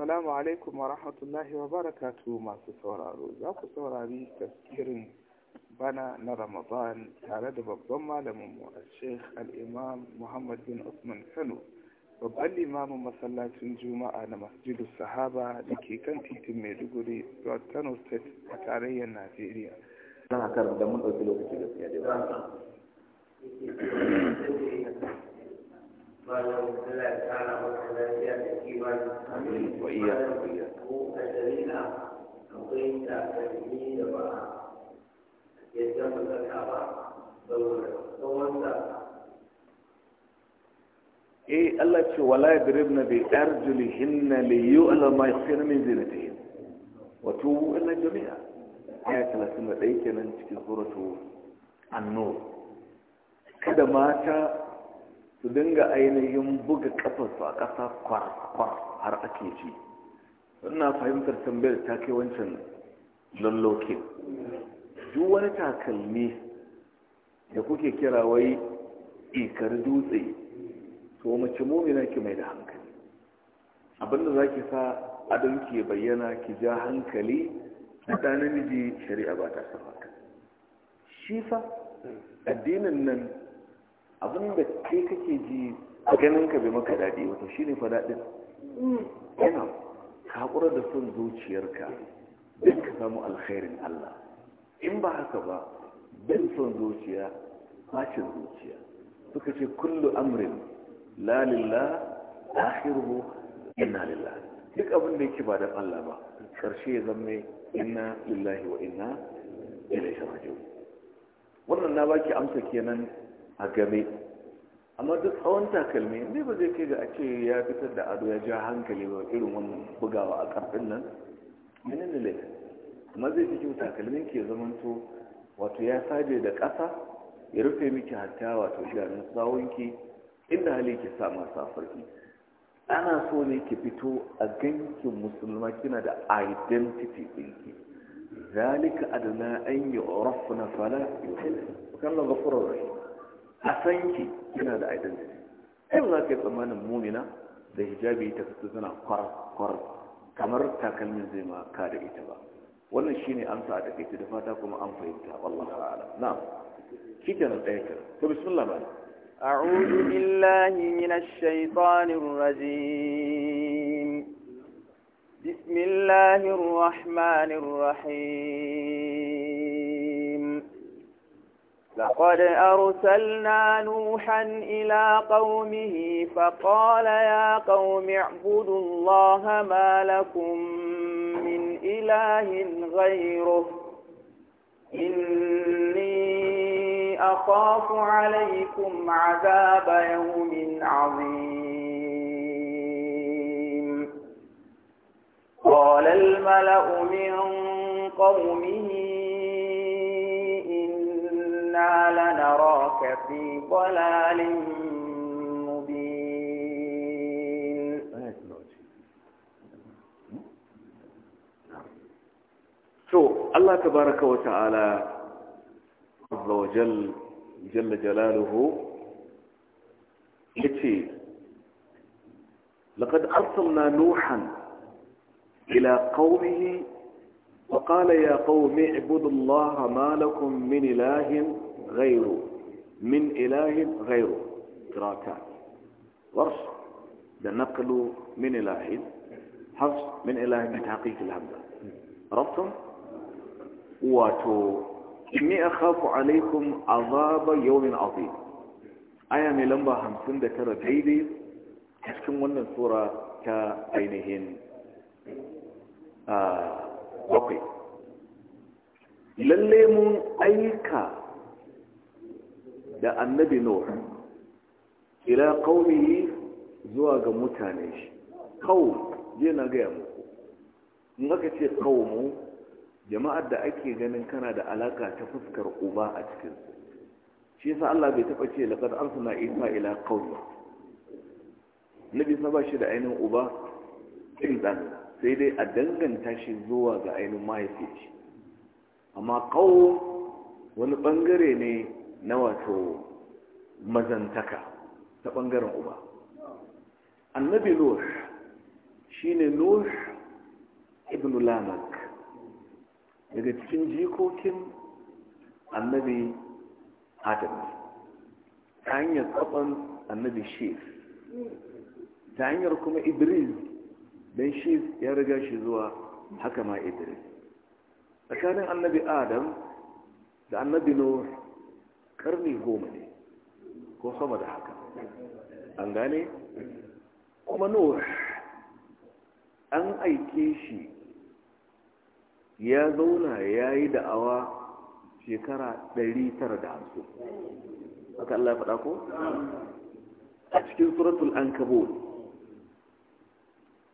Assalamu alaikum wa rahmatullahi wa barakatu masu sauraro za ku saurari tafsirin bana na Ramadan tare da babban malamin mu a Sheikh al-Imam Muhammad bin Usman Kano babban limamin masallacin Juma'a na Masjidu Sahaba da ke kan titin Maiduguri Kano State a tarayyar Najeriya. Na kan da mun ɗauki lokaci fiye da وإياك وإياك إيه الله شو ولا يضربن بأرجلهن ليؤلم يخفين من زينتهن وتوبوا إلى الجميع آية 31 كانت في سورة النور كده مات su dinga ainihin buga kafarsu a ƙasa kwar kwar har ake ji suna fahimtar tambayar ta kai wancan lalloke duk wani takalmi da kuke kira wai ikar dutse to mace mumina ki mai da hankali abinda za ki sa adon ke bayyana ki ja hankali na ɗan namiji shari'a ba ta sa shi fa addinin nan abin da ke kake ji a ganin ka bai maka daɗi wata shi ne faɗaɗin yana haƙura da son zuciyarka don ka samu alkhairin Allah in ba haka ba don son zuciya fashin zuciya suka ce kullu amrin la lillah akhiruhu inna lillah duk abin da yake ba da Allah ba ƙarshe ya zama inna lillahi wa inna ilaihi raji'un wannan na baki amsa kenan a game amma duk tsawon takalmi ne ba zai kai ga a ce ya fitar da ado ya ja hankali ba irin wannan bugawa a kamfin nan mini ne laifin amma zai fi kyau takalmin ke zamanto wato ya saje da ƙasa ya rufe miki hatta wato idanun tsawonki inda hali ke sa masu afirki ana so ne ki fito a gankin musulma kina da identity ɗinki zalika adana an yi urafna fala yuhil kan la rahim a san ki yana da identity ai za ka yi tsammanin mumina da hijabi ta kasu suna kwarar kamar takalmin zai ma ka da ita ba wannan shine amsa a takaice da fata kuma an fahimta wallahi ta'ala na'am kitan da yake to bismillah ba أعوذ بالله من الشيطان الرجيم بسم الله الرحمن الرحيم لقد أرسلنا نوحا إلى قومه فقال يا قوم اعبدوا الله ما لكم من إله غيره إني أخاف عليكم عذاب يوم عظيم قال الملأ من قومه لنراك في ضلال مبين شو الله تبارك وتعالى عز وجل جل جلاله يتي لقد أرسلنا نوحا إلى قومه وقال يا قوم اعبدوا الله ما لكم من إله غيره من إله غيره كراكات ورش ده نقل من إله حفظ من إله من تحقيق الهمزة ربطم واتو إني أخاف عليكم عذاب يوم عظيم أيا ملمبا لمبا همسن ذكر جيدي تحكم ون الصورة كأينهن آه بقي lalle mun aika da annabi nuh ila qaumihi zuwa ga mutane shi qaum je na ga muku in aka ce qaumu jama'ar da ake ganin kana da alaka ta fuskar uba a cikin shi yasa Allah bai taba ce laqad arsalna isa ila qaumi nabi sa ba shi da ainin uba din dan sai dai a danganta shi zuwa ga ainin mahaifi amma qaum wani bangare ne na wato mazantaka ta ɓangaren uba annabi shi shine nur ibn lamak daga cikin jikokin annabi adam ta hanyar annabi shif ta hanyar kuma idris don shif ya riga shi zuwa haka ma idris tsakanin annabi adam da annabi nur karni goma ne ko sama da haka an gane kuma nuh an aike shi ya zauna ya yi da'awa shekara 950 haka Allah faɗa ko? a cikin suratul an kabo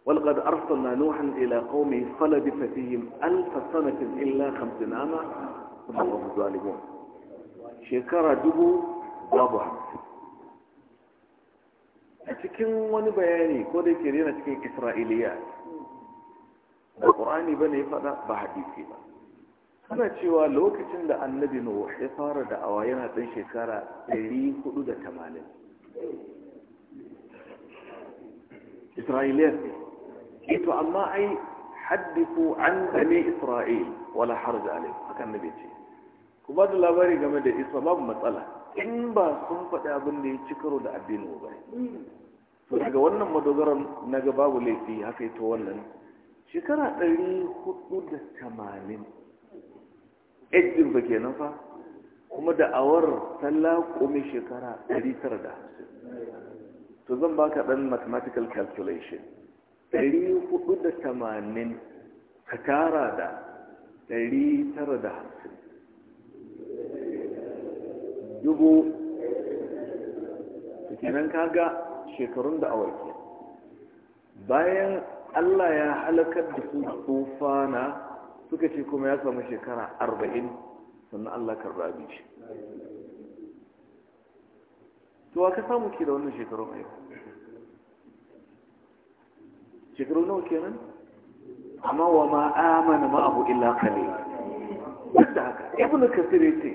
walƙad na nuhan ila qaumi falabi fatihim alfa sanatin illa 50 ama kuma zalimun shekara dubu babu a cikin wani bayani ko da yake rina cikin isra'iliya da ƙorani ba ne faɗa ba hadisi ba ana cewa lokacin da annabi nuhu ya fara da awa yana ɗan shekara 480 isra'iliya ne ito eh, amma ai haddifu an bane isra'il wala harja alai haka annabi ce ku ba da labari game da isa babu matsala in ba sun faɗi abin da ya ci karo da addinin ba so daga wannan madogaran na ga babu laifi haka ita wannan shekara ɗari hudu da tamanin ejin ba kenan fa kuma da awar talla kome shekara ɗari tara da to zan baka ɗan mathematical calculation ɗari hudu da tamanin ka tara da ɗari tara da hamsin dubu kenan kaga shekarun da awaki bayan Allah ya halakar da su tsofana suka ce kuma ya samu shekara arba'in sannan Allah rabi shi tuwa ka samu ke da wannan shekarun aiki shekaru nawa kenan amma wa ma amana abu illa qalil wanda haka ibnu kasir yace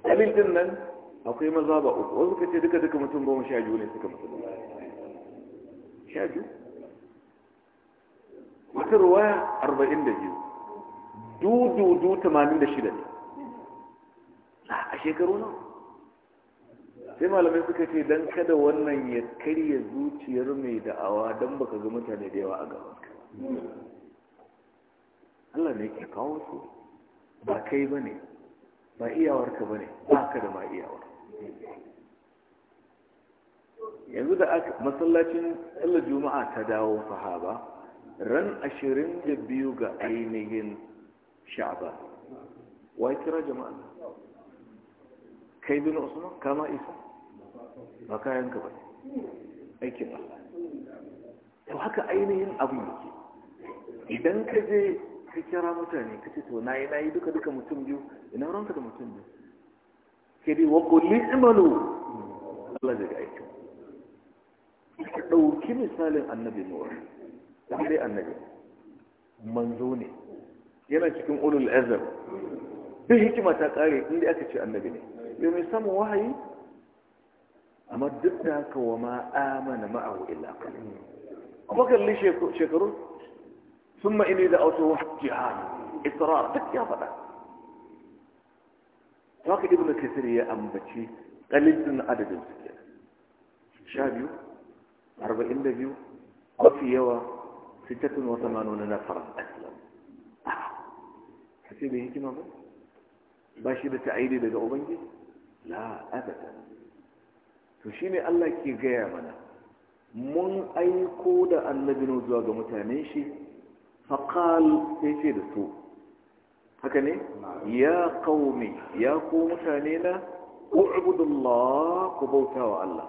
qalil din nan akwai maza ba uku wasu kace duka duka mutum goma sha biyu ne suka mutu. sha biyu wata ruwaya arba'in da biyu dududu tamanin da shida ne a shekaru nan sai malamai suka ce don kada wannan ya karya zuciyar mai da'awa don baka ga mutane da yawa a gaban ka Allah ne ke kawo su ba kai ba ne ba iyawarka ba ne ba ka da ma iyawar yanzu da aka masallacin tsallar juma'a ta dawo sahaba ran ashirin da biyu ga ainihin sha'aba wai kira jama'a kai bin usman kama isa ba kayan ka ba aiki ba. to haka ainihin abu yake idan ka je ka kira mutane ka ce to nayi nayi na yi duka duka mutum biyu ina ranka da mutum biyu ke dai wa kulli Allah zai ga aikin ka ɗauki misalin annabi nuwa dai annabi manzo ne yana cikin ulul azam duk hikima ta kare inda aka ce annabi ne mai samun wahayi amma duk da haka wa ma amana ma'ahu illa kan. kuma kalli shekaru summa inni da auto jihad israr duk ya faɗa to haka ibnu kasir ya ambaci kalilin adadin su kenan sha biyu arba'in da biyu mafi yawa sittatun wa samanuna na faran aslam kace bai hikima ba ba shi da ta'aidi daga ubangiji la abada to shine Allah ke gaya mana mun aiko da annabi zuwa ga mutanen shi faqal sai ce da su haka ne ya qaumi ya ko mutane na ubudullah ku bauta wa Allah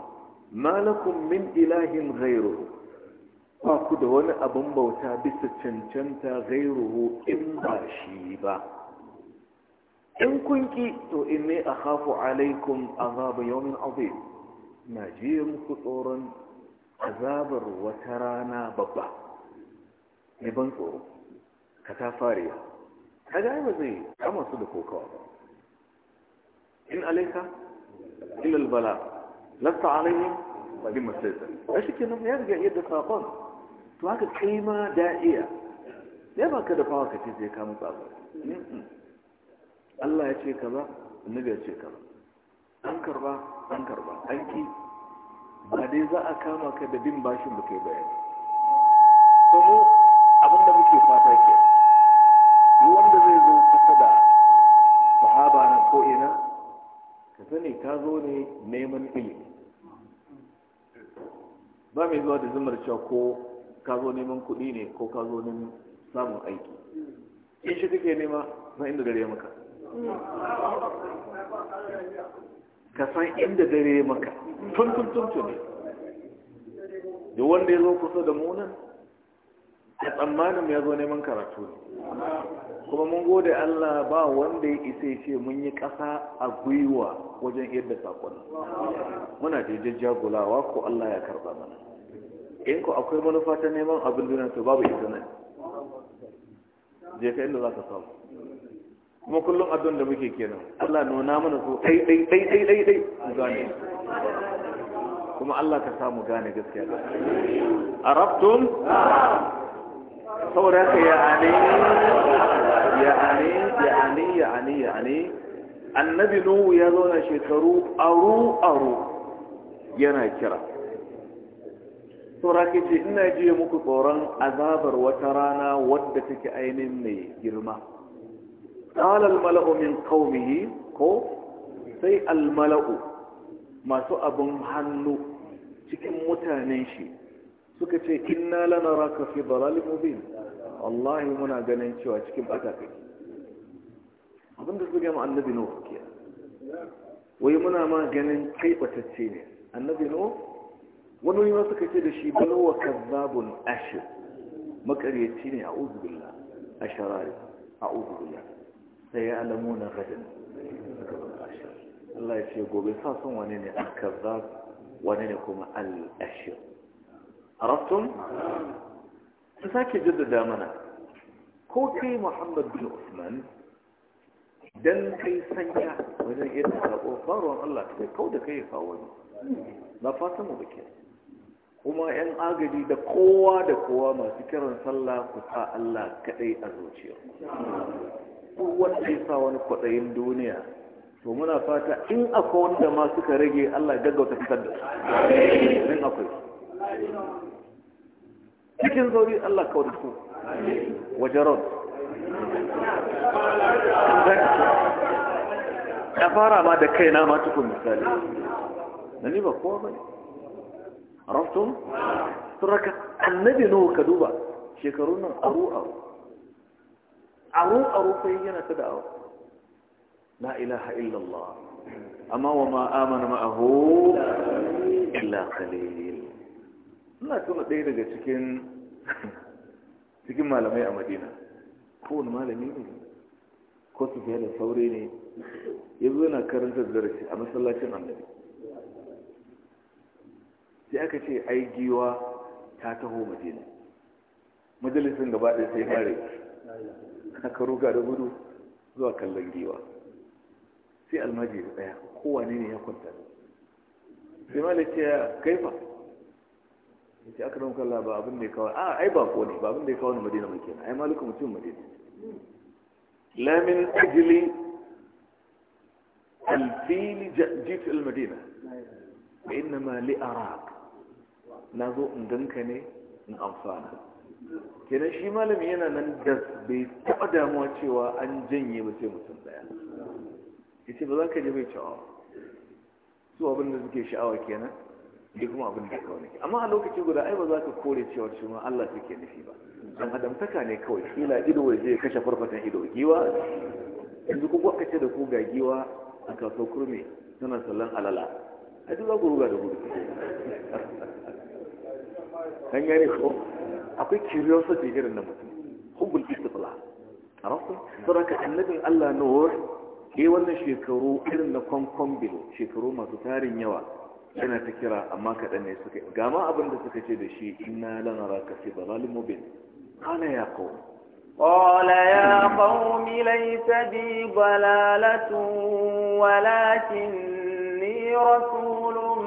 malakun min ilahin ghairuhu ba ku da wani abin bauta bisa cancanta ghairuhu in ba shi ba in kun ki to inni akhafu alaikum azab yawmin azim na ji muku tsoron azabar wata rana babba ne ban tsoro ka ta fariya kaga yi ba zai kama su da kokawa ba in alaika ilal bala lasta ba bi masaita ke nan ya riga yadda sakon to haka kai ma da iya ya ka da fawa ka sai ka musu abu Allah ya ce ka ba annabi ya ce ka ba. an karba an karba an ki ba dai za a kama ka da bin bashin da kai bayani kuma abin da muke fata ke wanda zai zo kusa da sahaba na ko'ina ka sani ka zo ne neman ilimi ba mai zuwa da zumar cewa ko ka zo neman kuɗi ne ko ka zo neman samun aiki in shi kake nema san inda dare maka ka san inda dare maka tun tun tun tun ne da wanda ya zo kusa da munan a tsammanin ya zo neman karatu kuma mun gode Allah ba wanda ya isa ce mun yi ƙasa a gwiwa wajen yadda saƙon muna jirgin jagulawa ko Allah ya karɓa mana in ku akwai manufa ta neman abin duniya to babu ita nan je ka inda za ka samu kuma kullum abin da muke kenan Allah nuna mana so ɗai ɗai ɗai ɗai ɗai ɗai mu gane kuma Allah ka samu gane gaskiya gaskiya arabtum saboda haka ani ya ani ya ani, annabi nuhu ya zauna shekaru aru aru yana kira saboda haka ce ina ji muku tsoron azabar wata rana wadda take ainihin mai girma قال الملأ من قومه ko sai almala'u masu abin hannu cikin mutanen shi suka ce inna lana raka fi dalalin mubin wallahi muna ganin cewa cikin bata kai abinda su gama annabi no kiya wai muna ma ganin kai batacce ne annabi no wani wani masu kace da shi wa kazzabun ashir makaryaci ne a uzubillah a sharari a uzubillah sai ya alamu na gadin Allah ya ce gobe sa son wani ne a kazzab wane ne kuma al-ashir عرفتم ta sake jaddada mana ko kai muhammad bin usman dan kai sanya wajen iya sako faruwan allah ta kau da kai ya kawo ne na fata mu bake kuma yan agaji da kowa da kowa masu kiran sallah ku sa allah kadai a zuciya ku wanda ya sa wani kwaɗayin duniya to muna fata in akwai wanda ma suka rage allah gaggauta fitar da su akwai cikin zauri Allah ka da su wajarot ya fara ma da kai na matukun misali na ni ba kowa bane raftun turaka annabi nuhu ka duba shekarun nan aru aru aru aru sai yana ta awa. Na ilaha illallah amma wa ma amana ma'ahu illa qalil ina tuna ɗaya daga cikin cikin malamai a madina kowane malami ne ko su da saurayi ne ya zo na karanta da darasi a masallacin annabi sai aka ce ai giwa ta taho madina majalisin gaba ɗaya sai fare aka ruga da gudu zuwa kallon giwa sai almajiri ɗaya kowane ne ya kwanta sai malaka ya kaifa ya ce aka ran kalla ba abin da ya kawo a ah, ai ba ko ne ba abin da ya kawo ni madina mai kenan ai malika mutum madina lamin ajili alfili jit madina wa innama li arak na zo in ganka ne in amfana kenan shi malami yana nan da bai taɓa damuwa cewa an janye ba sai mutum ɗaya ya ce ba za ka je bai cewa su abin da suke sha'awa kenan ne kuma abin da kawai amma a lokaci guda ai ba za ka kore cewa shi ma Allah take nufi ba dan adamtaka ne kawai kila ido waje kashe farfatan ido giwa yanzu ku aka ce da ku ga giwa a kasuwar kurmi? tana sallan alala a duk za ku ruga da gudu kan gane ko akwai curiosity irin na mutum hubbul istifla a rasu saboda annabin Allah Nuh ke eh, wannan shekaru irin na kwankwan bilo shekaru masu tarin yawa yana ta kira amma kaɗan ne suka yi gama abin da suka ce da shi ina lanara ka fi dalalin mubin kana ya kawo قال يا قوم ليس بي ضلالة ولكني رسول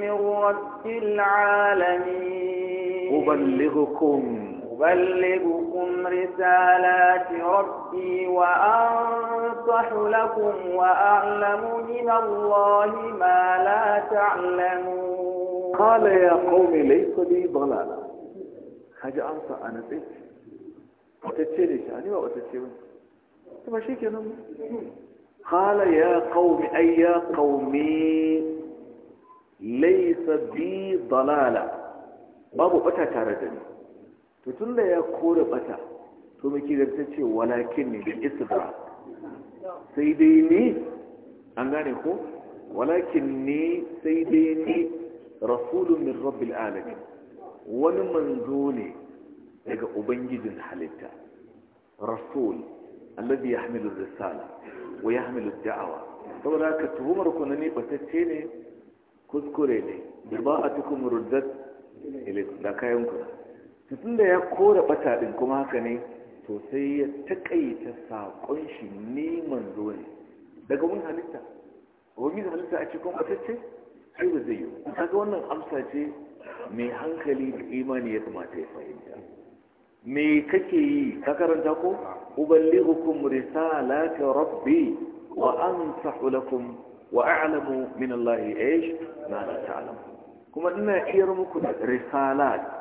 من رب العالمين أبلغكم أبلغكم رسالات ربي وأنصح لكم وأعلم من الله ما لا تعلمون قال يا قوم ليس لي ضلالة حاجة أنصح أنا فيك وتتشيري شعني وأتتشيري ثم شيك يا نمو قال يا قوم أي يا قومي ليس بي ضلالة بابو أتا تاردني to tun da ya kore bata to muke da ta ce walakin ne da isra sai dai ne an gane ko walakin ne sai dai ne rasulun min rabbil alamin wani manzo ne daga ubangijin halitta rasul alladhi yahmilu risala wa yahmilu da'awa saboda ka tuhumar ku ne batacce ne kuskure ne da ba a tukun ruddat da kayan kuna tutun da ya kora bata din kuma haka ne to sai ya takaita saƙon shi neman zuwa daga wani halitta wani halitta a cikin batacce sai ba zai yi kaga wannan amsa ce mai hankali da imani ya kamata ya fahimta me kake yi ka karanta ko uballighukum risalati rabbi wa ansahu lakum wa a'lamu min Allah ايش ma la ta'lamu kuma ina iyar muku da risalat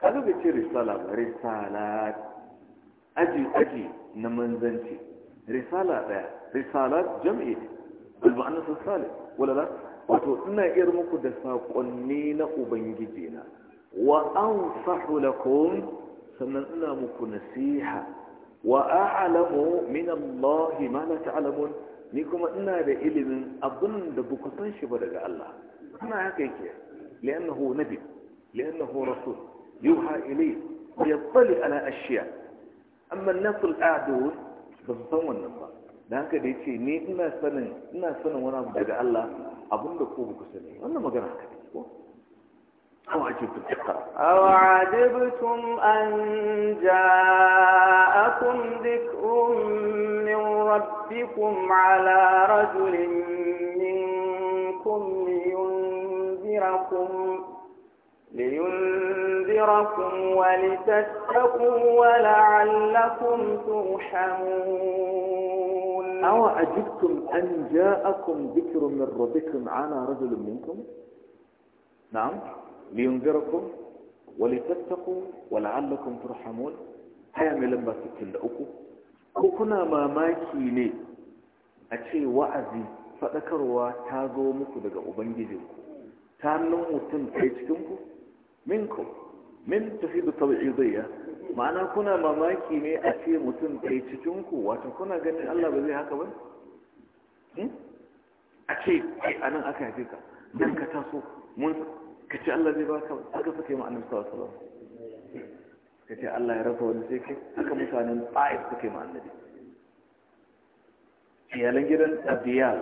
kaga bai ce risala ba risala aji aji na manzanci risala daya risala jam'i ne annas salih wala la wato ina ir muku da sakonni na ubangiji na wa ansahu lakum sannan ina muku nasiha wa a'lamu min Allah ma la ta'lamun ni kuma ina da ilimin abun da buku san shi ba daga Allah kana haka yake li'annahu nabi hu rasul يوحى إليه ويطلع على أشياء أما الناس الأعدود بالضوء النظر ذاك ديكي ني إما سنة إما سنة وانا بدأ الله أبن دقوبك سنين انا ما قرأ كذلك أو عجبتم أو عجبتم أن جاءكم ذكر من ربكم على رجل منكم لينذركم لينذركم ولتتقوا ولعلكم ترحمون أو أجبتم أن جاءكم ذكر من ربكم على رجل منكم نعم لينذركم ولتتقوا ولعلكم ترحمون هيا من لما تتلقوا كنا ماماكي لي أشي وعزي فذكروا تازو مكو دقا أبنجي ta hannun mutum ɗaya cikinku minkum min tafi tafidu tabi'idiyya ma'ana kuna mamaki ne a ce mutum ɗaya cikin ku wato kuna ganin Allah ba zai haka ba hmm? a ce ai anan aka haife ka nan ka taso mun ka ce Allah zai baka aka saka mu annabi sallallahu alaihi wasallam ka ce Allah ya rasa wani sai kai aka mutanen ta'if suka yi mu annabi iyalan gidan abiyal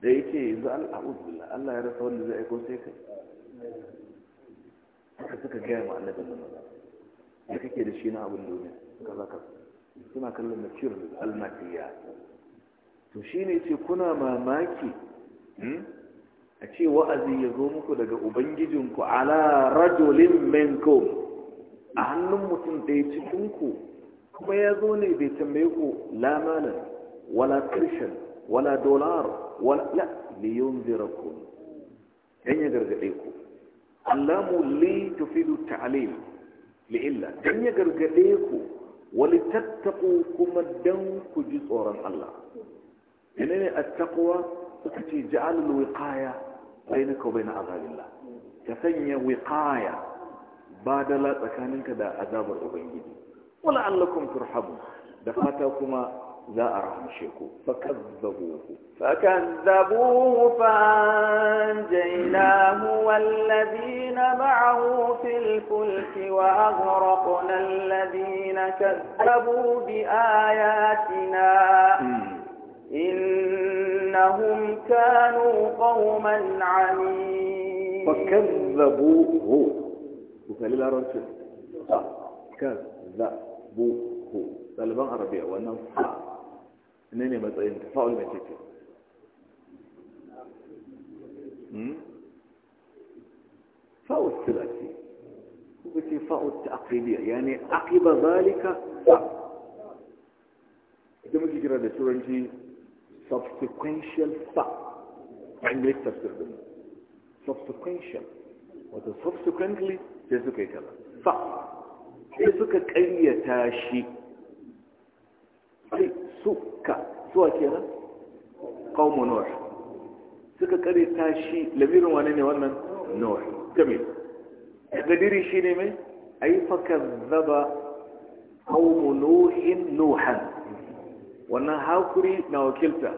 da yake yanzu al'a'udu Allah ya rasa wanda zai aiko sai kai haka suka gaya ma annabi da alaihi da kake da shi na abin duniya kaza kaza suna kallon matir almatiya to shine ce kuna mamaki hmm, a ce wa'azi ya zo muku daga ubangijinku ala rajulin minkum a hannun mutum ɗaya cikinku kuma ya zo ne bai tambaye ku la wala kirshen wala dolar wala la liyun zira ku yan ya gargaɗe ku allamu li tufidu ta'lim li illa dan ya gargade ku wali tattaqu kuma dan ku ji tsoron Allah menene at-taqwa suka ce ja'al al-wiqaya bainaka wa bain azabillah ka sanya wiqaya badala tsakaninka da azabar ubangiji wala allakum turhabu da fata kuma لا أراهم شيكو فكذبوه فكذبوه فأنجيناه والذين معه في الفلك وأغرقنا الذين كذبوا بآياتنا إنهم كانوا قوما عميم فكذبوه وقال لا رجل كذبوه طالبان عربية وأنه حق ne ne matsayin ta fa'ul mai teke fa'ul silati kuka ce fa'ul ta aqidiyya yani aqiba zalika fa ita muke kira da turanci subsequential fa english tafsir din subsequential wato subsequently sai suka yi kaza fa sai suka ƙayyata shi ai suka suwa kenan qaumu nuh suka kare tashi lamirin wane ne wannan nuh kamil gadiri shine mai ai fakazzaba qaumu nuhin nuhan wannan hakuri na wakilta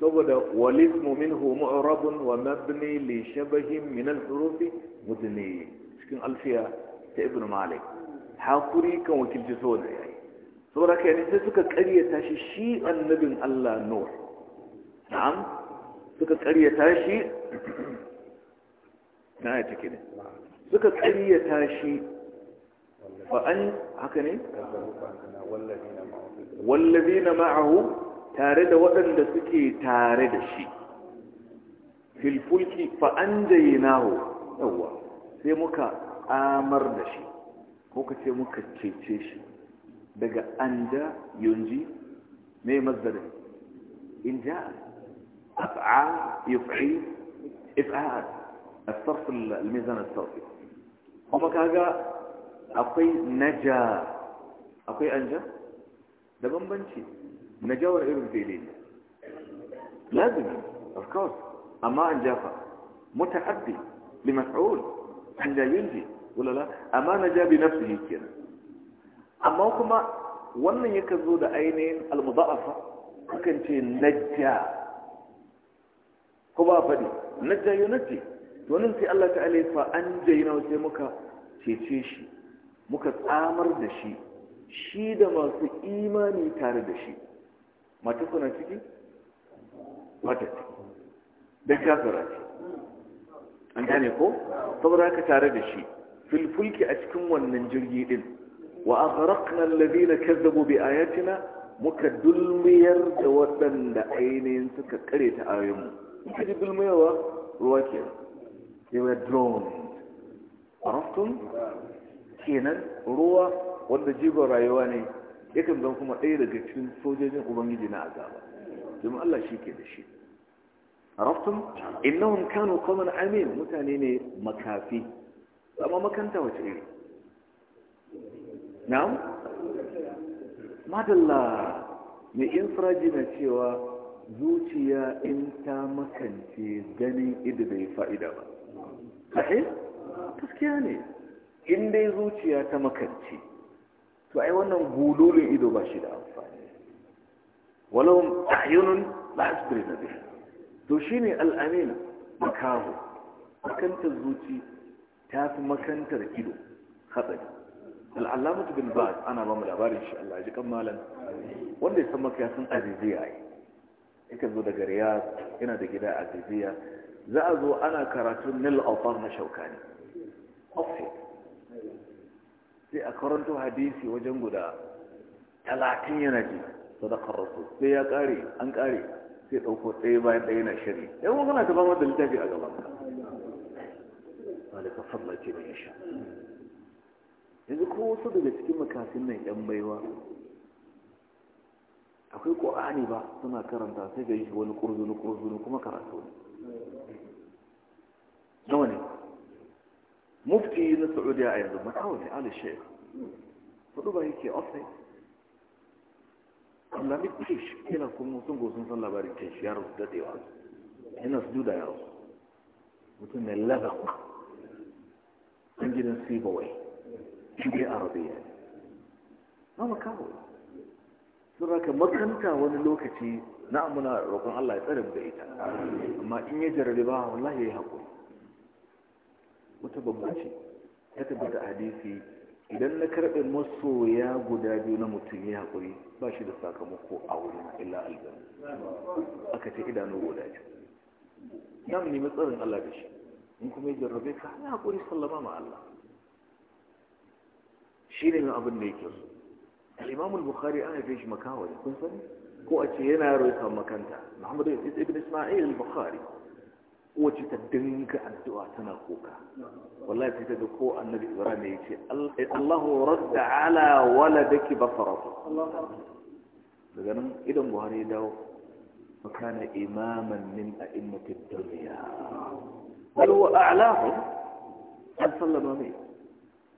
saboda walismu minhu mu'rabun wa mabni li shabahin min al-hurufi mudni cikin alfiya ta ibn malik hakuri kan wakilci so da yayi saboda kai ne sai suka karyata shi shi annabin Allah Nuh na'am suka karyata shi na ya take ne suka karyata shi fa an haka ne na ma'ahu tare da waɗanda suke tare da shi fil an fa anjaynahu yawa sai muka amar da shi ko kace muka cece shi daga an ينجي yunji mai mazdarin أفعال يفعيل إفعال الصرف الميزان الصرفي هما كهجا أقي نجا أقي أنجا ده بنبنشي نجا ورئيب الفيلين لازم أفكار أما أنجا متعدي لمفعول عند ينجي ولا لا أما نجا بنفسه كده amma kuma wannan yaka zo da ainihin almudha'afa kukan ce najja ko ba faɗi najja yunajji to nan sai Allah ta'ala fa an jayina sai muka cece shi muka tsamar da shi shi da masu imani tare da shi mata suna ciki mata ciki da kafira ce an gane ko saboda haka tare da shi filfulki a cikin wannan jirgi din وأغرقنا الذين كذبوا بآياتنا muka dulmiyar da waɗanda ainihin suka kare ta ayoyinmu muka ji ruwa ke they were drowned kenan ruwa wanda jigon rayuwa ne yakan zan kuma ɗaya daga cikin sojojin ubangiji na azaba domin allah shi ke da shi arastun innahum kanu qauman amin mutane ne makafi amma makanta wace iri na'am madalla mai infiraji cewa zuciya in ta makance ganin ido bai fa'ida ba sahi taskiya ne in dai zuciya ta makance to ai wannan gulolin ido ba shi da amfani walau ayyunun ba na biyu to shi ne al'amin makaho makantar zuci ta fi makantar ido hatsari alalamatu bin ba'ad ana ba mu labarin shi Allah ji malam wanda ya san maka ya aziziya ai yakan zo daga riyad yana da gida aziziya za a zo ana karatun nil alfar na shaukani office sai a karanto hadisi wajen guda talatin yana ji sadakar rasu sai ya kare an kare sai ɗauko ɗaya bayan ɗaya na shari yan wani ta ba da littafi a gaban ka malika fadla ce mai yasha yanzu ko wasu daga cikin makasin nan yan baiwa akwai ƙwa'ani ba suna karanta sai ga shi wani ƙurzunu ƙurzunu kuma karatu ne nawa ne mufti na saudiya a yanzu makawa ne ali sheik hudu ba yake ofai islamic kish yana kuma sun gosun san labarin kish ya da dadewa yana su duda ya rusu mutum ne lagakwa an gidan sibawai shi arabiya ba kawo sun raka makanta wani lokaci na amuna roƙon Allah ya tsarin da ita amma in ya jarabe ba wallahi ya yi haƙuri wata bambanci ya tabbata hadisi idan na karɓe masoya guda biyu na mutum ya haƙuri ba shi da sakamako a wurin illa aljanna aka ce idanu guda biyu nan ne matsarin Allah da shi in kuma ya jarrabe ka ya haƙuri sallama ma Allah shi ne abin da yake so imam al-bukhari an haife shi makawai kun sani ko a ce yana yaro ya makanta muhammadu ibn isma'il al-bukhari wace ta dinga addu'a tana kuka wallahi sai ta ga ko annabi ibrahim ya ce Allahu radda ala waladaki basaratu daga nan idan buhari ya dawo makana imaman min a'immatid dunya bal wa a'lahu an sallama mai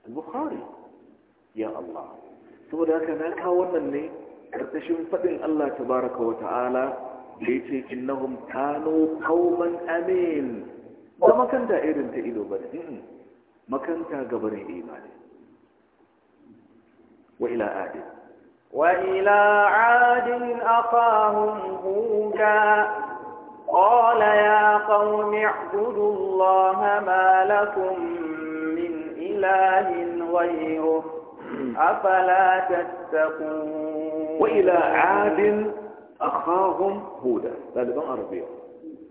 al-bukhari ya Allah saboda haka na kawo wannan ne karkashin faɗin Allah tabaraka wa ta'ala da yace innahum kanu qauman amin ba makanta irin ta ido ba makanta gabarin imani wa ila adin وإلى عاد أخاهم هودا قال يا قوم اعبدوا الله ما لكم من إله غيره أفلا تتقون وإلى عاد أخاهم هودا ما عربية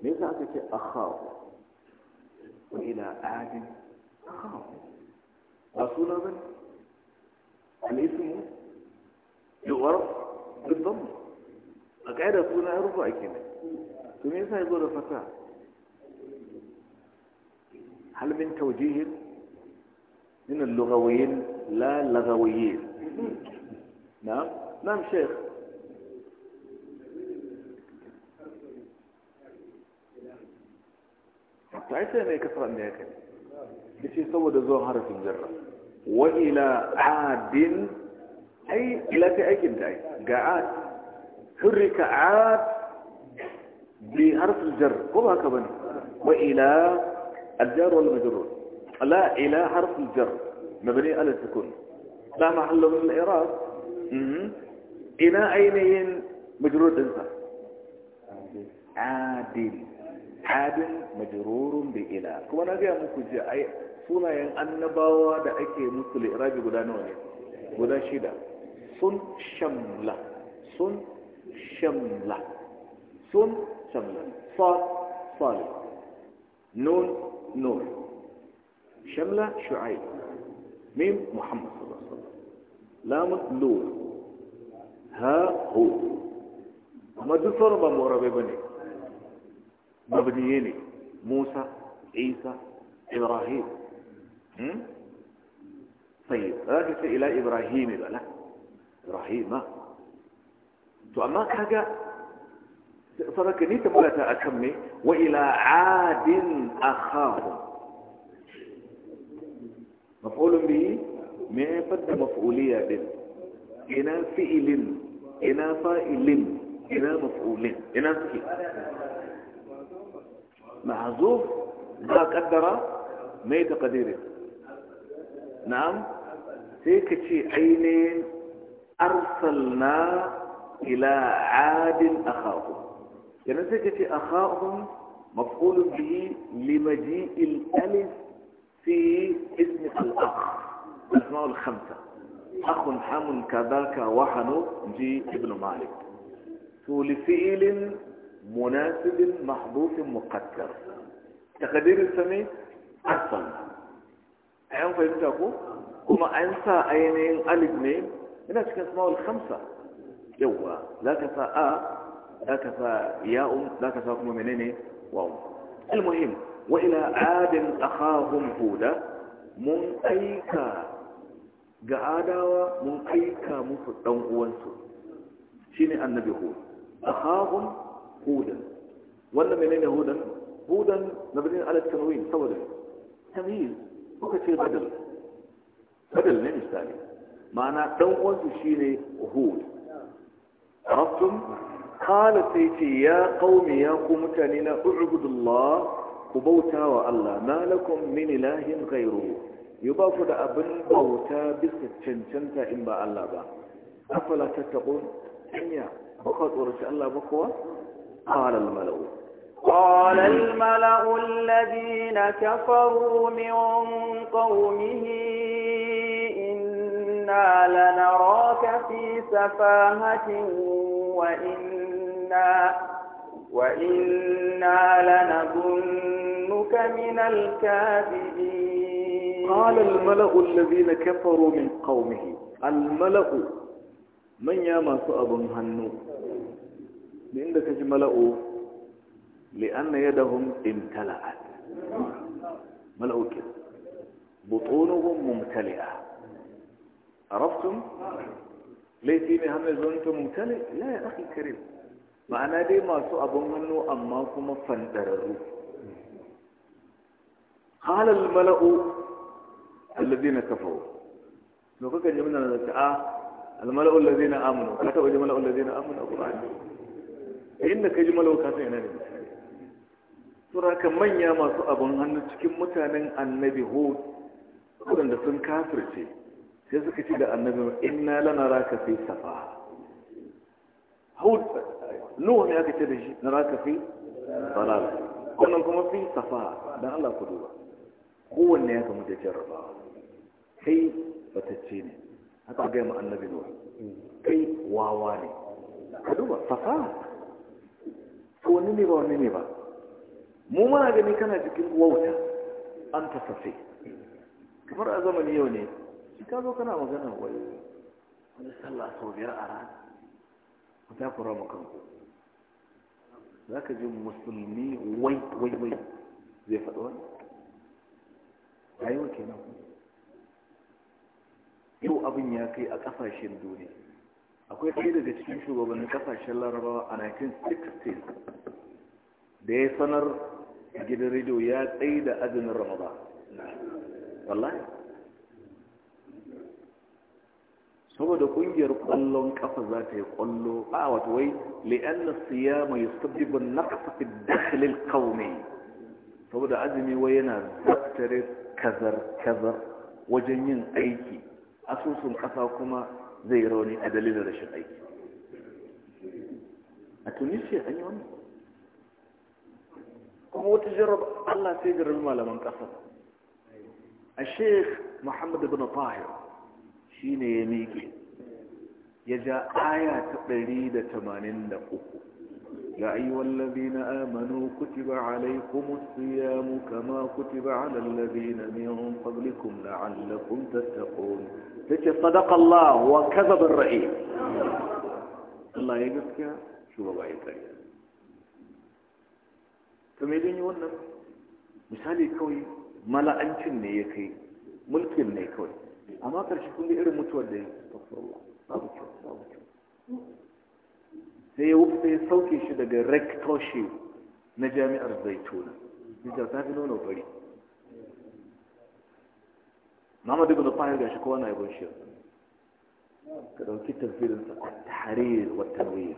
ليس عندك أخاهم وإلى عاد أخاهم رسول من الاسم يعرف بالضم أقعد أقول أربع كلمة ثم يسأل يقول الفتاة هل من توجيه من اللغويين لا لغويين نعم نعم شيخ تعيش أنا كثرة من هيك بس يصور زور حرف الجرة وإلى عاد أي لا تأكل داي قاعد حرك عاد بحرف الجر كلها كبن وإلى الجار والمجرور لا إلى حرف الجر مبني على السكون لا محل من الإعراب إلى عينين مجرور إنسان عادل عادل مجرور بإلى كما نجي muku ji ai sunayen annabawa da ake musu li'rabi guda nawa ne sun shamla sun shamla fa nun شملة شعيب ميم محمد صلى الله عليه وسلم لام لور ها هو ما دفر صربة مغربة بني مبنيين موسى عيسى إبراهيم طيب راجس إلى إبراهيم بلا إبراهيم تو أما كاجا صدق نيت ملتا أكمي وإلى عاد أخاهم maf'ulun bihi me ya fadda maf'uliya ɗin ina fi'ilin ina fa'ilin ina maf'ulin ina suke mahzuf ba kaddara mai taqdirin na'am sai ka ce ainihin arsalna ila adin akhahu yana sai ka ce akhahum maf'ulun في اسم الأخ الاسماء الخمسة أخ حم كذاك وحن جي ابن مالك لفعل مناسب محبوس مقدر تقدير السمي أصل أين فهمتكم؟ كما أنسى أينين ألف نيم هنا تكون اسمه الخمسة يوا لا كفى أ لا كفى ياء لا كفى منين واو المهم wa ila adin akhahum huda mun aika ga adawa mun aika musu dan uwansu shine annabi hud akhahum huda wannan menene hudan hudan mabni ala tanwin saboda tamyiz kuka ce badal badal ne misali ma'ana dan uwansu shine hud kala sai سيتي ya قوم يا قوم متانين اعبدوا الله ku bauta wa Allah malakum min ilahin ghairu yi ba ku da abin bauta bisa cancanta in ba Allah ba afala tattaqun hanya ba ku tsoraci Allah ba kuwa qala al mala'u qala al mala'u alladhina kafaru min qawmihi إنا لنراك في سفاهة وإنا, وإنا لنظن ك من الكاذبين قال الملأ الذين كفروا من قومه ا ل م ل أ من ياما صاب لان يدهم امتلأت م ت بطونهم ممتلئة عرفتم ليس ي هم م ز و لا يا اخي الكريم معنا دي ما سؤال منه اما كما فندرروا قال الملأ الذين كفروا لو كان جمعنا نتعاه الملأ الذين آمنوا قال كبه جمع الذين آمنوا أقول عنه إنك جمله كاتين أنا ترى كمن يا ما صعب أن تكون متانا النبي هود أقول أن تكون كافر شيء جزك تدى النبي إنا لنراك في سفا هود نوه يا كتدي نراك في ضلال قلنا لكم في سفا لأن الله قدوه kowanne ya samu da jarrabawa kai batacce ne haka ga mu annabi nuwa kai wawa ne ka duba Fafa? ko wani ne ba wani ne ba mu mana gani kana jikin wauta an ta tafafe kamar a zamani yau ne shi ka zo kana magana wani wani sallah sau biyar a ran ku takura mu kanku za ka ji musulmi wai wai wai zai faɗi wani rayuwa kenan yau abin ya kai a kasashen duniya akwai ɗaya daga cikin shugabannin kasashen larabawa a 1960 da ya sanar a gidan rediyo ya tsaye da azumin ramadan wallahi saboda kungiyar kwallon kafa za ta yi kwallo a wata wai li'anna siyama yusabbibu naqsa fi dakhlil qawmi saboda azumi wai yana zaftare kazar-kazar wajen yin aiki asusun ƙasa kuma zai rauni a dalilin rashin aiki a tunisia an yi wani kuma wata jarraba allah sai garin malaman ƙasa a sheikh muhammadu bin fahir shi ne ya miƙe ya ja aya ta 183 يا أيها الذين آمنوا كتب عليكم الصيام كما كتب على الذين من قبلكم لعلكم تتقون صدق الله وكذب الرئيس الله يقفك شو بابا يتعي كم يدين مثالي كوي ملا أنشن يكي ملك نيكوي أما ترشكون لإرمتوا لي استغفر الله ما بكو ما بكو هي وقت صوتي شدة دقى ريك توشي نجامي الزيتونة نجا تاقلو نو بري ماما دقل الطاير قاش كوانا يقول شيء كده وكي تنفير انت التحرير والتنوير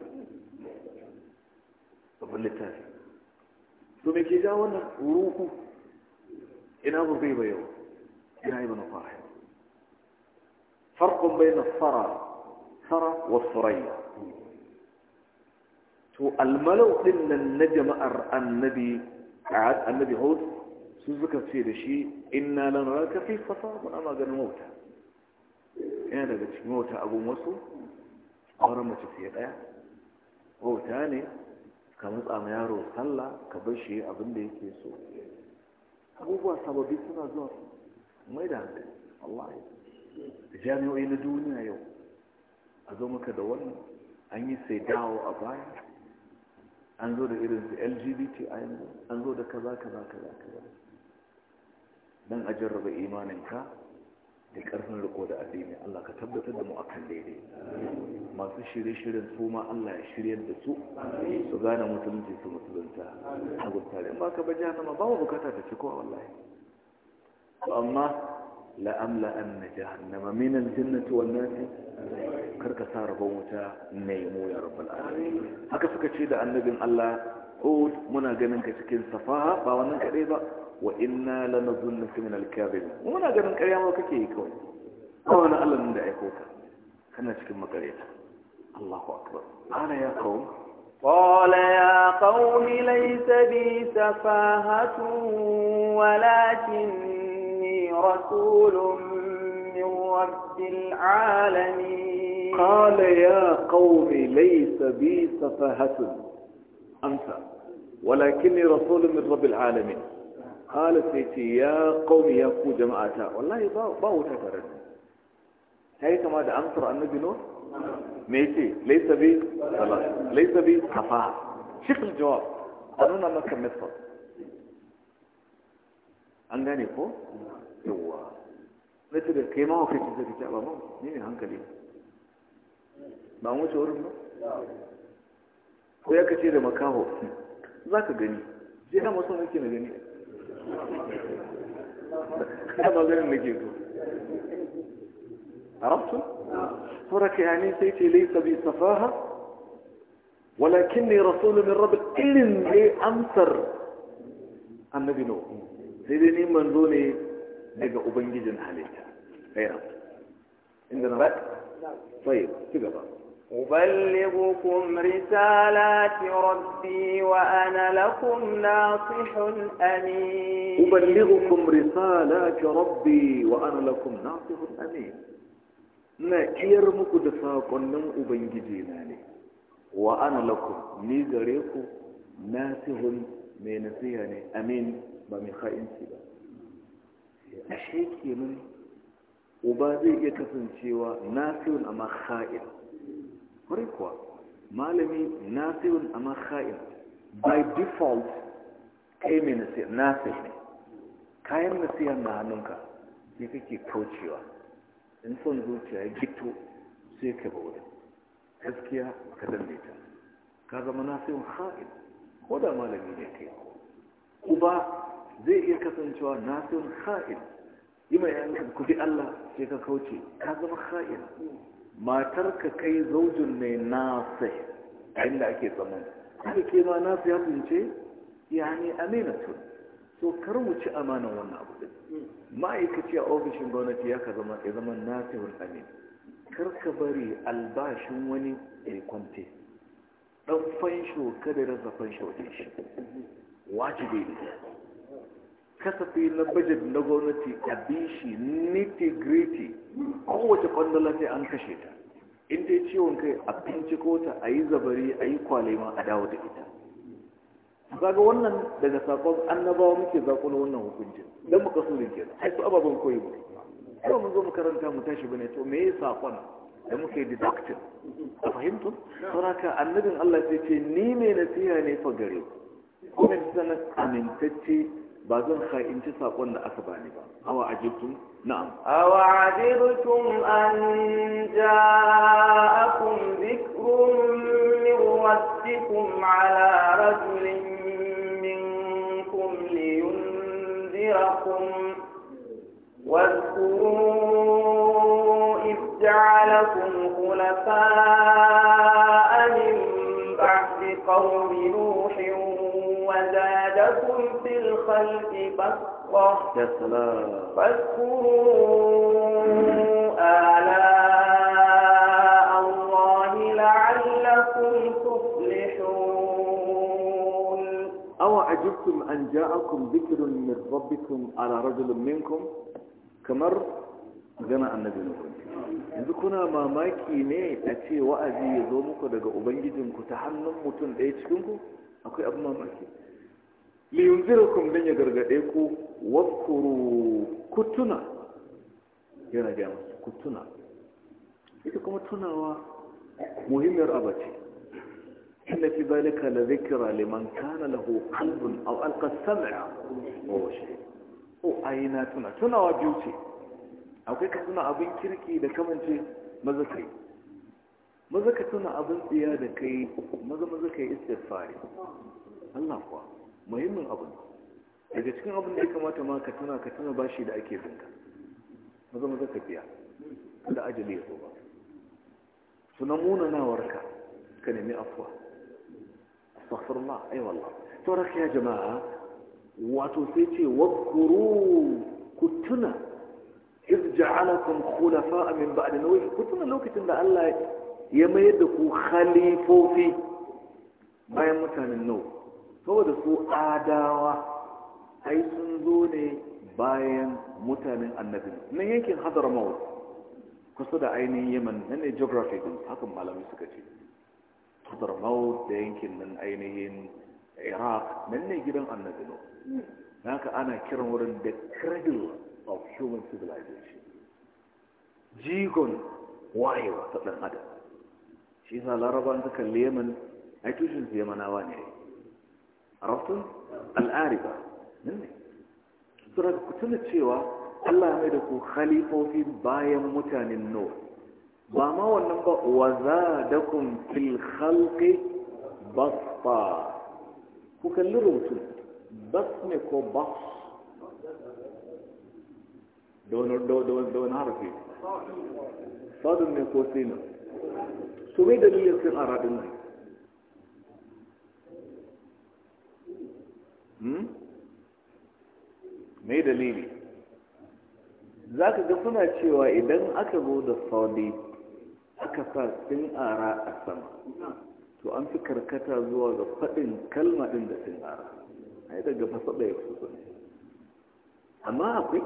طب اللي تاسي دومي كي جاوانا وروفو انا ابو بيبا يو انا ابن فرق بين الصرى صرى والصريه to almalau din nan na jama'ar annabi annabi hud su suka ce da shi inna lan raka fi safa muna maganin wauta yana daga cikin mota abun wasu auren mace fiye daya wauta ne ka matsa ma yaro sallah ka bar shi abin da yake so abubuwa sababi suna zuwa mai da hankali Allah jami'o'i na duniya yau a zo maka da wannan an yi sai dawo a baya an zo da irin su lgbt a an zo da kaza kaza kaza kaza don a jarraba imaninka da karfin riko da addini Allah ka tabbatar da mu akan daidai masu shirye-shiryen su ma Allah ya shiryar da su su gane mutumci su musulunta a gudunta da in ba ka baje hannama ba wa bukata ta ci kowa wallahi amma la'amla an na jahannama minan jannatu wannan karka sa rabon wuta nemo ya rabbal alamin haka suka ce da annabin Allah Hud muna ganin ka cikin safaha ba wannan kadai ba wa inna lanazunnuka min al-kadhib muna ganin ƙarya ma kake yi kawai ba wani Allah da aiko ka kana cikin makareta Allahu akbar ana ya qaum قال يا قوم ليس بي سفاهة ولكن رسول من رب العالمين قال يا قوم ليس بي سفاهة أنت ولكني رسول من رب العالمين قال سيتي يا قوم يا قو جماعة والله باو تفرد هاي كما دا أمسر نبي نور ميتي ليس بي ليس بي سفاهة شكل الجواب أنونا ما كمثل an فو yawa na ce da kai mawa kai ce zai ba ba ni ne hankali ba mu wuce wurin ba ko ya kace da makaho za ka gani je na masu nake na gani ya ba ganin nake so عرفتم فرك يعني سيتي ليس بي سفاهة ولكني رسول من رب إلن لي أمسر النبي نوح سيدي نيمان دوني daga ubangijin halitta ɗaya inda na rat tsaye ci gaba أبلغكم رسالات ربي وأنا لكم ناصح أمين أبلغكم رسالات ربي وأنا لكم ناصح أمين na kiyar muku da sakonnin ubangiji na ne wa ana lakum ni gare ku nasihun mai nasiha ne amin ba mai ha'inci ba ashe kenan uba zai iya kasancewa nasirun amma kwarai kuwa malami nasirun amma kha'in by default kai mai na nasir ne kayan nasiyar na hannunka sai kake kaucewa in son zuciya ya gito sai ka bauta gaskiya ka danne ta ka zama nasirun ha'il ko da malami ne kai uba zai iya kasancewa na sun ha'il yi mai yankan kudi Allah sai ka kauce ka zama ha'il matar ka kai zaujin ne na sai a inda ake tsaman kuma ke ma na ya kunce ya ne amina tun so kar mu ci amanan wannan abu din ma'aikaci a ofishin gwamnati ya ka zama ya zama wani amin kar ka bari albashin wani ya kwante dan fansho da rasa fansho din shi wajibi ne kasafi na budget na gwamnati a bishi nitty-gritty kowace kwandala sai an kashe ta in dai ciwon kai a binciko ta a yi zabari a yi kwalema a dawo da ita zaga wannan daga sakon annabawa muke zakon wannan hukuncin don muka surin ke ai su ababen koyi ba, yau mun zo mu karanta mu tashi bane to me ya sakon da muka yi deductin a fahimtu saraka annabin Allah sai ce ni mai nasiha ne fa gare ku kuma sanan amintacce ba zan ha'inci saƙon da aka bani ba awa ajibtum na'am awa ajibtum an ja'akum dhikrun min rabbikum ala rajulin minkum liyunzirakum واذكروا إذ جعلكم خلفاء من بعد قوم نوح لكم في الخلق بصرة يا سلام فاذكروا آلاء الله لعلكم تفلحون أو عجبتم أن جاءكم ذكر من ربكم على رجل منكم كمر جمع النبي نقول yanzu kuna mamaki ne a ce wa'azi ya zo muku daga ubangijinku ta hannun mutum ɗaya cikinku akwai abin mamaki liyunzirukum dan ya gargaɗe ku wakuru kutuna yana ga musu kutuna ita kuma tunawa muhimmiyar abace inna fi zalika la dhikra liman kana lahu qalbun aw alqa sam'a wa huwa o aina tuna tunawa biyu ce akwai ka tuna abin kirki da kamance maza kai maza ka tuna abin tsiya da kai maza maza kai istighfari Allah kuwa muhimmin abu daga cikin abin da ya kamata ma ka tuna ka tuna bashi da ake zinka maza maza ka biya da ajali ya zo ba sunan munanawarka ka nemi afuwa astaghfirullah ay wallah to raka ya jama'a wato sai ce wakuru ku tuna iz ja'alakum khulafa'a min ba'di nawih ku tuna lokacin da Allah ya mayar da ku khalifofi bayan mutanen nawa saboda su adawa ai sun zo ne bayan mutanen annabi nan yankin hadar mawar kusa da ainihin yaman nan ne geography din hakan malamai suka ce mawar da yankin nan ainihin iraq nan ne gidan annabi no haka ana kiran wurin the cradle of human civilization jigon wayewa ta dan adam shi yasa larabawa suka kalli yaman ai tushen su yamanawa ne عرفتم الآربة سورة كتلة شيوة الله ملك خليفة في باية متان النور باما والنبا وزادكم في الخلق بسطا كوكالرو بسطا بسمكو بس دونر دو دو دو نعرفي صاد النكوسين سوي دليل في الأراضي mai hmm? dalili za ka ga suna cewa idan aka zo da saudi aka sa sun ara a sama to an fi karkata zuwa ga faɗin kalma da sun ara a yi daga fasa ɗaya su ne amma akwai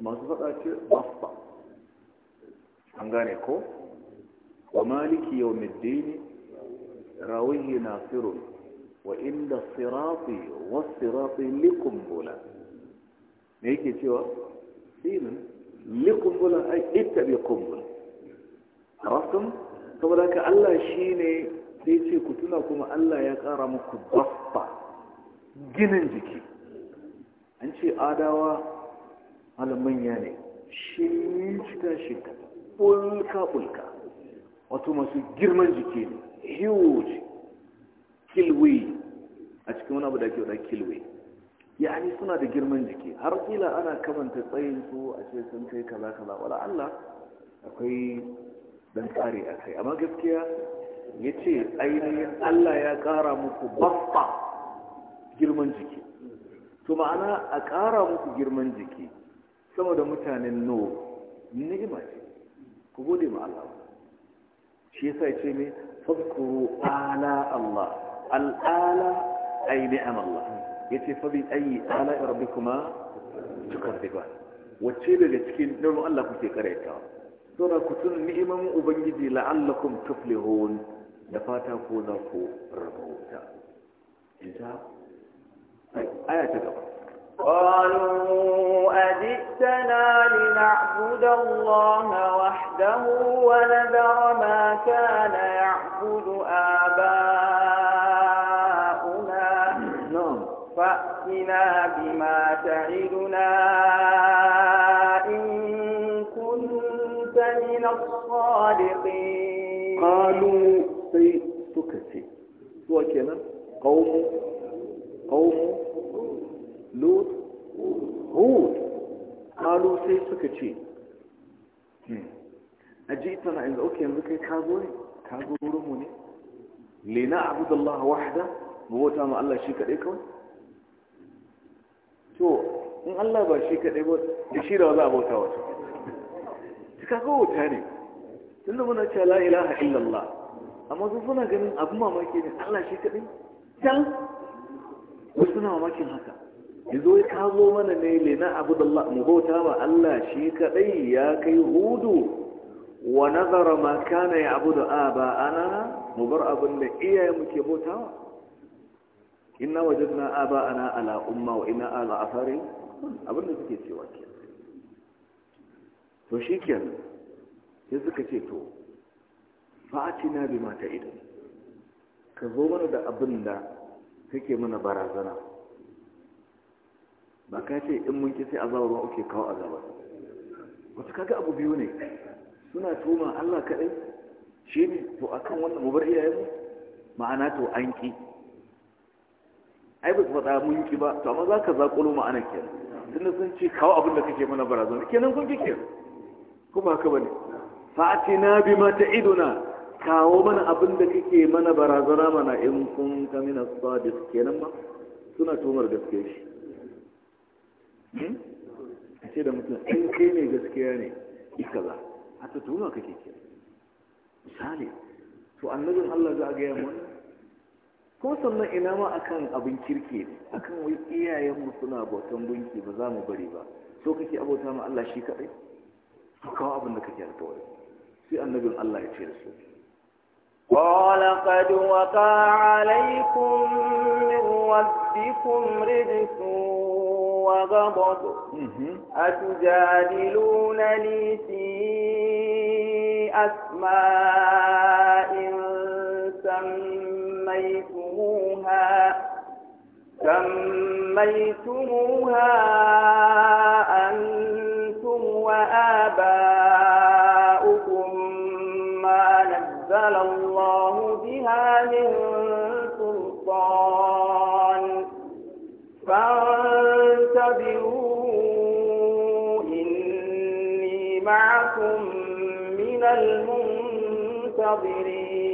masu faɗa ce basta an gane ko wa maliki yau middini na firo wa inda sirati wa sirati likumbula me yake cewa sinin likumbula ai ita bi kumbula arafin saboda ka Allah shi ne sai ce ku tuna kuma Allah ya ƙara muku baffa ginin jiki an ce adawa alamanya ne shi shika shi bulka-bulka wato masu girman jiki ne huge kilwi a cikin wani abu da ke wadda kilwe yani suna da girman jiki har kila ana kamanta tsayin su a ce sun kai kaza kaza wala Allah akwai dan tsari a kai amma gaskiya ya ce ainihin Allah ya ƙara muku babba girman jiki to ma'ana a ƙara muku girman jiki sama da mutanen no ni'ima ce ku gode ma Allah shi yasa ya ce ne fadkuru ala Allah al'ala أي نعم الله يتفى أي آلاء ربكما تقربكما وتشيل جتكين نور الله كتير كريكا ترى كتن نعم أبنجدي لعلكم تفلحون دفاتا فونا فو ربوتا انتهى آية تقرب قالوا أجئتنا لنعبد الله وحده ونذر ما كان يعبد آباؤنا بما تعدنا إن كنت من الصادقين قالوا سي سكتي سوى كنا قوم قوم لوط هود قالوا سي سكتي أجئتنا إذا أوكي أمريكا كاغوري كاغوري لنعبد الله وحده mu bauta ma Allah shi kaɗai kawai to in Allah ba shi kaɗai ba da shi da wa za a bauta wasu cika ga wuta ne da muna cewa la ilaha illallah amma sun suna ganin abu mamaki ne Allah shi kaɗai can wasu suna mamakin haka yanzu ya kazo mana ne le na abu da Allah mu bauta ba Allah shi kaɗai ya kai hudu wa nazara ma kana ya abu da a ba ana mu bar abin da iyayen muke bautawa inna wajadna ana ala umma wa inna ala asari abin da suke cewa ke to shikenan ya suka ce to bi bima ta'idu ka zo mana da abin da kake mana barazana ba ka ce in mun ki sai azaba ba uke kawo azaba wata kaga abu biyu ne suna tuma Allah kaɗai shi ne to akan wannan mu bar ma'ana to anki? ai ba su fata mun yi ba to amma za ka zaƙulo ma'anar kenan da sun ce kawo abin da kake mana barazana kenan kun kike kuma haka bane na bi mata ta'iduna kawo mana abin da kake mana barazana mana in kun ka mina sadiq kenan ma suna tumar gaskiya shi hmm? a ce da mutum in kai ne gaskiya ne A ta tuma kake ke misali to annabin Allah za a ga yamma ko sannan ina ma akan abin kirki akan wai iyayenmu suna bautan gunki ba za mu bari ba so kake abota ma Allah shi kaɗai su kawo abin da kake alkawari sai annabin Allah ya ce da su قال قد وقع عليكم من ربكم رجس وغضب أتجادلونني في أسماء سميتم سميتموها أنتم وآباؤكم ما نزل الله بها من سلطان فانتبروا إني معكم من المنتظرين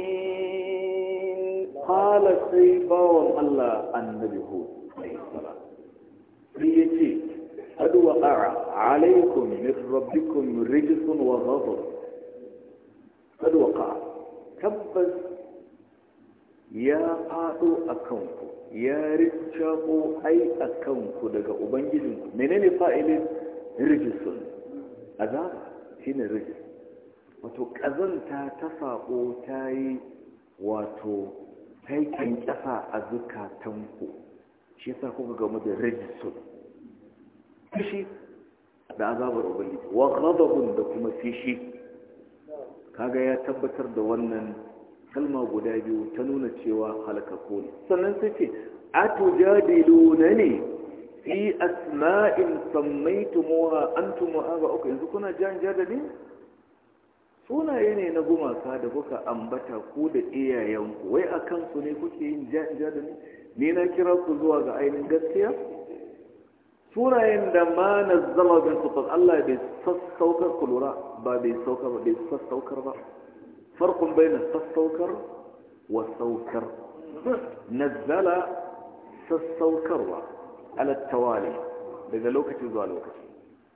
qala sai bawan Allah annabi hu sai ya ce qad waqa'a alaykum min rabbikum rijsun wa ghadab qad waqa'a tabbas ya fado akan ku ya rinchako ai akan ku daga ubangijinku menene fa'ilin rijisun azaba shine rijis wato kazanta ta sako ta yi wato kai ƙasa a zukatanku shi yasa kuka gama da rajisun fishi da azabar obali wa ghadabun da kuma fishi kaga ya tabbatar da wannan kalma guda biyu ta nuna cewa halaka ne sannan sai ce a na ne fi asma'in an antum wa aba'ukum yanzu kuna jan jadalin sunaye ne na gumaka da kuka ambata ku da iyayenku wai a kansu ne kuke yin ja ne na kira ku zuwa ga ainihin gaskiya sunayen da ma na zama bin kusur Allah bai sassaukar ku lura ba bai saukar ba bai sassaukar ba farkon bai na sassaukar wa saukar nazzala sassaukarwa alattawali daga lokaci zuwa lokaci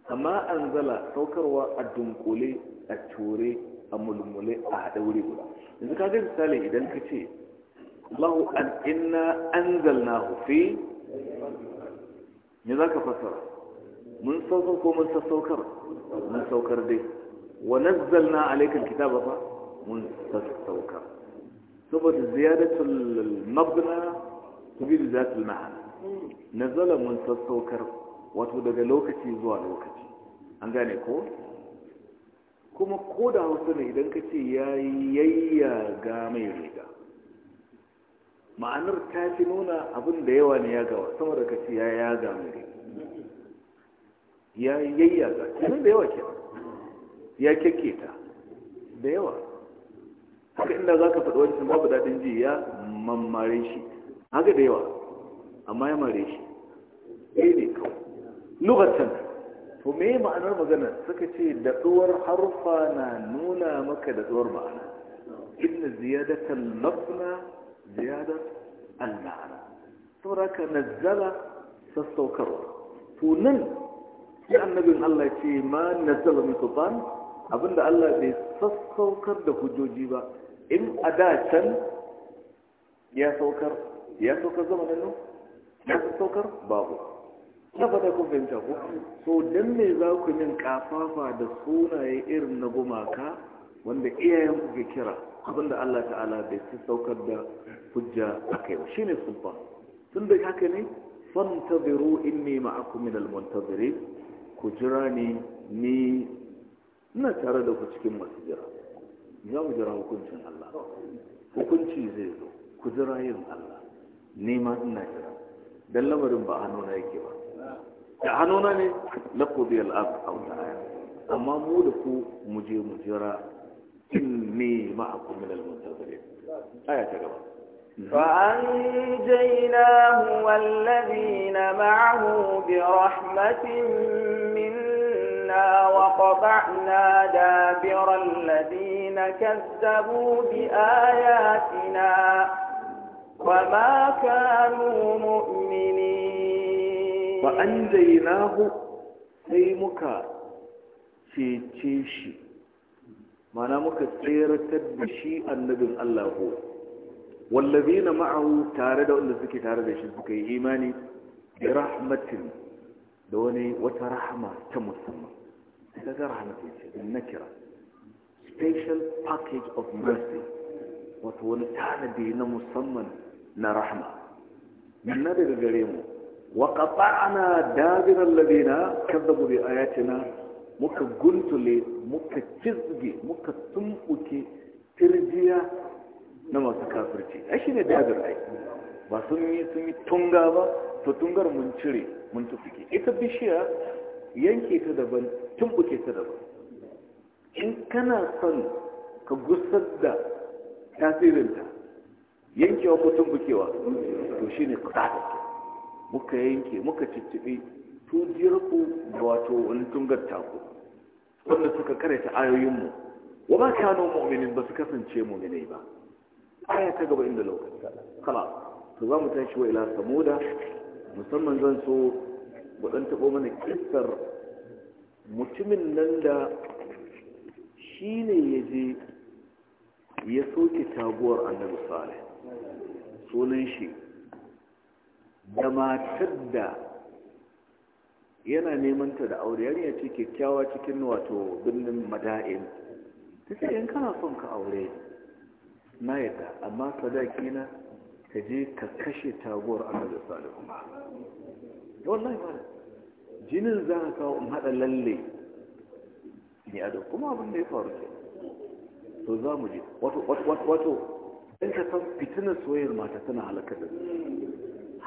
amma an zala saukarwa a dunkule a ture a mulmule a haɗa wuri guda yanzu ka ga misali idan ka ce Allahu an inna anzalnahu fi me za ka fasara mun saukar ko mun sassaukar mun saukar dai wa nazzalna alaikal kitaba fa mun sassaukar saboda ziyadatul mabna tubidu zatul ma'ana nazala mun sassaukar wato daga lokaci zuwa lokaci an gane ko kuma ko da hausa ne idan ka ce ya yayyaga mai riga ma'anar ta fi nuna abin da yawa ne ya gawa sama da ka ce ya yaga mai riga ya yayyaga kenan da yawa ke ya ta da yawa haka inda za ka faɗi wancan babu daɗin ji ya mammare shi haka da yawa amma ya mare shi ne kawai lugatan to me ma'anar magana suka ce daɗuwar harfa na nuna maka daɗuwar ma'ana inna ziyadatal lafna ziyadat al-ma'ana saboda ka nazzala sassaukarwa to nan sai annabin Allah ce ma nazzala min sultan abinda Allah bai sassaukar da hujjoji ba in a da can ya saukar ya saukar zamanin nan ya sassaukar babu na faɗa kun fahimta ku so dan me za ku yin kafafa da sunaye irin na gumaka wanda iyayen ku ke kira abinda Allah ta'ala bai ci saukar da hujja akai ba shine sulfa tun da haka ne fantabiru inni ma'akum min almuntazirin ku jira ni ni ina tare da ku cikin masu jira za mu jira hukuncin Allah hukunci zai zo ku jira yin Allah ni ma ina jira dan lamarin ba a nuna yake ba يعنونني لقضي الأرض أو تعالى أما مولك مجير مجيرا إني معكم من المنتظرين آية كبيرة فأنجيناه والذين معه برحمة منا وقطعنا دابر الذين كذبوا بآياتنا وما كانوا مؤمنين ba an dainahu sai muka cece shi mana muka tseratar da shi annabin Allahu. ko wallabi na ma'ahu tare da wanda suke tare da shi suka yi imani da rahmatin da wani wata rahama ta musamman daga rahmatin ce da kira. special package of mercy Wata wani tanadi na musamman na rahama na daga gare mu وقطعنا دابر الذين كذبوا بآياتنا muka guntule muka cizge muka tumbuke tirjiya na masu kafirci a shi ne dabir ai ba sun yi tunga ba to tungar mun cire mun tufuke ita bishiya yanke ta daban tumbuke ta daban in kana son ka gusar da tasirinta yankewa ko tumbukewa to shi ne kuɗa muka yanke muka cicciɓe tujiyarku da wato wani tungar taku wanda suka karanta ayoyinmu wa ba kano mu'minin ba su kasance mu'minai ba aya ta gaba inda lokaci kala to za mu tashi wa ila samuda musamman zan so dan tabo mana kissar mutumin nan da shi ne ya je ya soke taguwar annabi salih sunan shi da matar da yana nemanta da aure ya ce kyakkyawa cikin wato birnin mada'in ta ce yin kana son ka aure na yadda amma sadaki na ka je ka kashe taguwar da salihu wannan ba jinin za ka kawo in haɗa lalle ne ado kuma abin da ya faru ke to za mu je wato wato wato in ka san soyayyar mata tana halakar da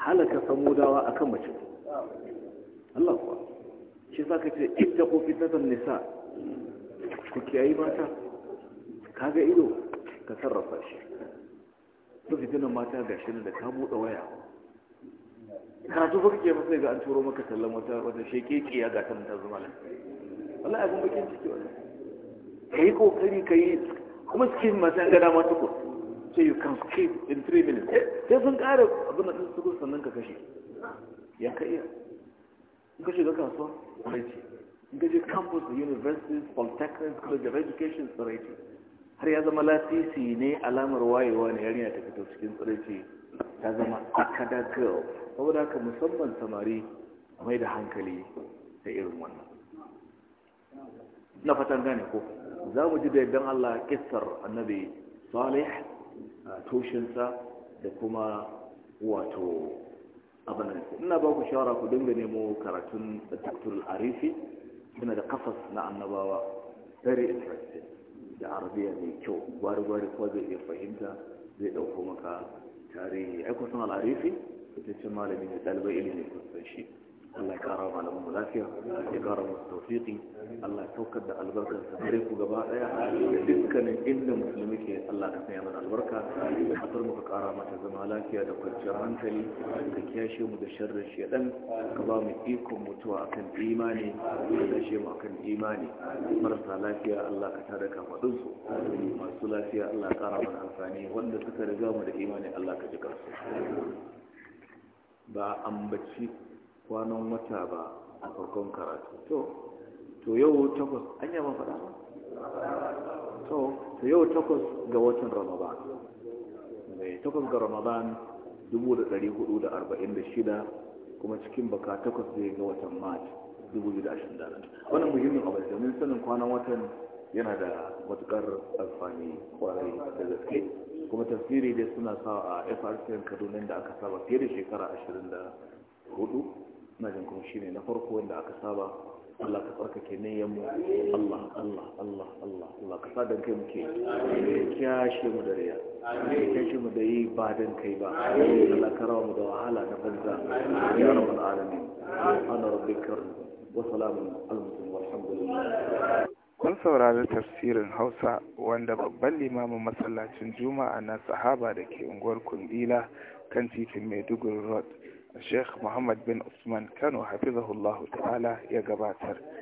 halaka samudawa kan mace Allah kuwa shi sa ka ce ita ko fitatan nisa ku kiyayi mata ka ga ido ka sarrafa shi su fitinan mata ga shi da ka buɗe waya karatu fa kake masai ga an turo maka tallan wata wata ke ya gata ta zama nan wallahi abin bakin ciki ka kai kokari yi. kuma cikin mata ga dama tukur sai you can skip in three minutes eh, sai sun kare abin da su gudu sannan ka kashe ya ka iya in kashe ga kasuwa rai in kashe campus da universities polytechnics college of education rai har ya zama latisi ne alamar wayewa ne yarinya ta fito cikin tsiraici ta zama akada girl saboda haka musamman samari a mai da hankali ta irin wannan na fatan gane ko za mu ji da yadda Allah kissar annabi salih tushensa da kuma wato abinan ina ba ku shawara ku dinga nemo karatun daktul arifi suna da kafas na annabawa very interesting da arabiya mai kyau gwari-gwari kuwa zai iya fahimta zai ɗauko maka tarihi aikwasan al'arifi ita ce malami da ɗalibai ilimin kusan shi Allah ya wa mu lafiya ya kara musu tawfiqi Allah ya saukar da albarkar sa gare ku gaba daya da dukkanin inda musulmi ke Allah ka sanya mana albarka da kasar mu ka kara mata zama lafiya da kwanciyar hankali ka kiyashe mu da sharrin ɗan. ka ba mu ikon mutuwa akan imani ka dashe mu akan imani marasa lafiya Allah ka tada kafadun su masu lafiya Allah ya kara mana amfani wanda suka riga mu da imani Allah ka ji karsu ba ambaci kwanan wata ba a farkon karatu to to yau takwas an yaba faɗa ba to to yau takwas ga watan ramadan mai eh, takwas ga ramadan 1446 kuma cikin baka takwas zai ga watan march 2021 wannan muhimmin abu domin sanin kwanan watan yana da matukar alfani kwarai da gaske kuma tafsiri dai suna sa a frcn kaduna da aka saba fiye da shekara 24 ina jin kuma shine na farko wanda aka saba Allah ka tsarkake niyyar mu Allah Allah Allah Allah Allah ka sa dan kai muke kyashe mu da riya kyashe mu da yi ba dan kai ba Allah ka rawa mu da wahala da banza ya rabbal alamin ana rabbikar wa salamun almutum walhamdulillah kun saurari tafsirin hausa wanda babban limamin masallacin juma'a na sahaba da ke unguwar kundila kan titin maiduguri road الشيخ محمد بن عثمان كان وحفظه الله تعالى يا جبعتر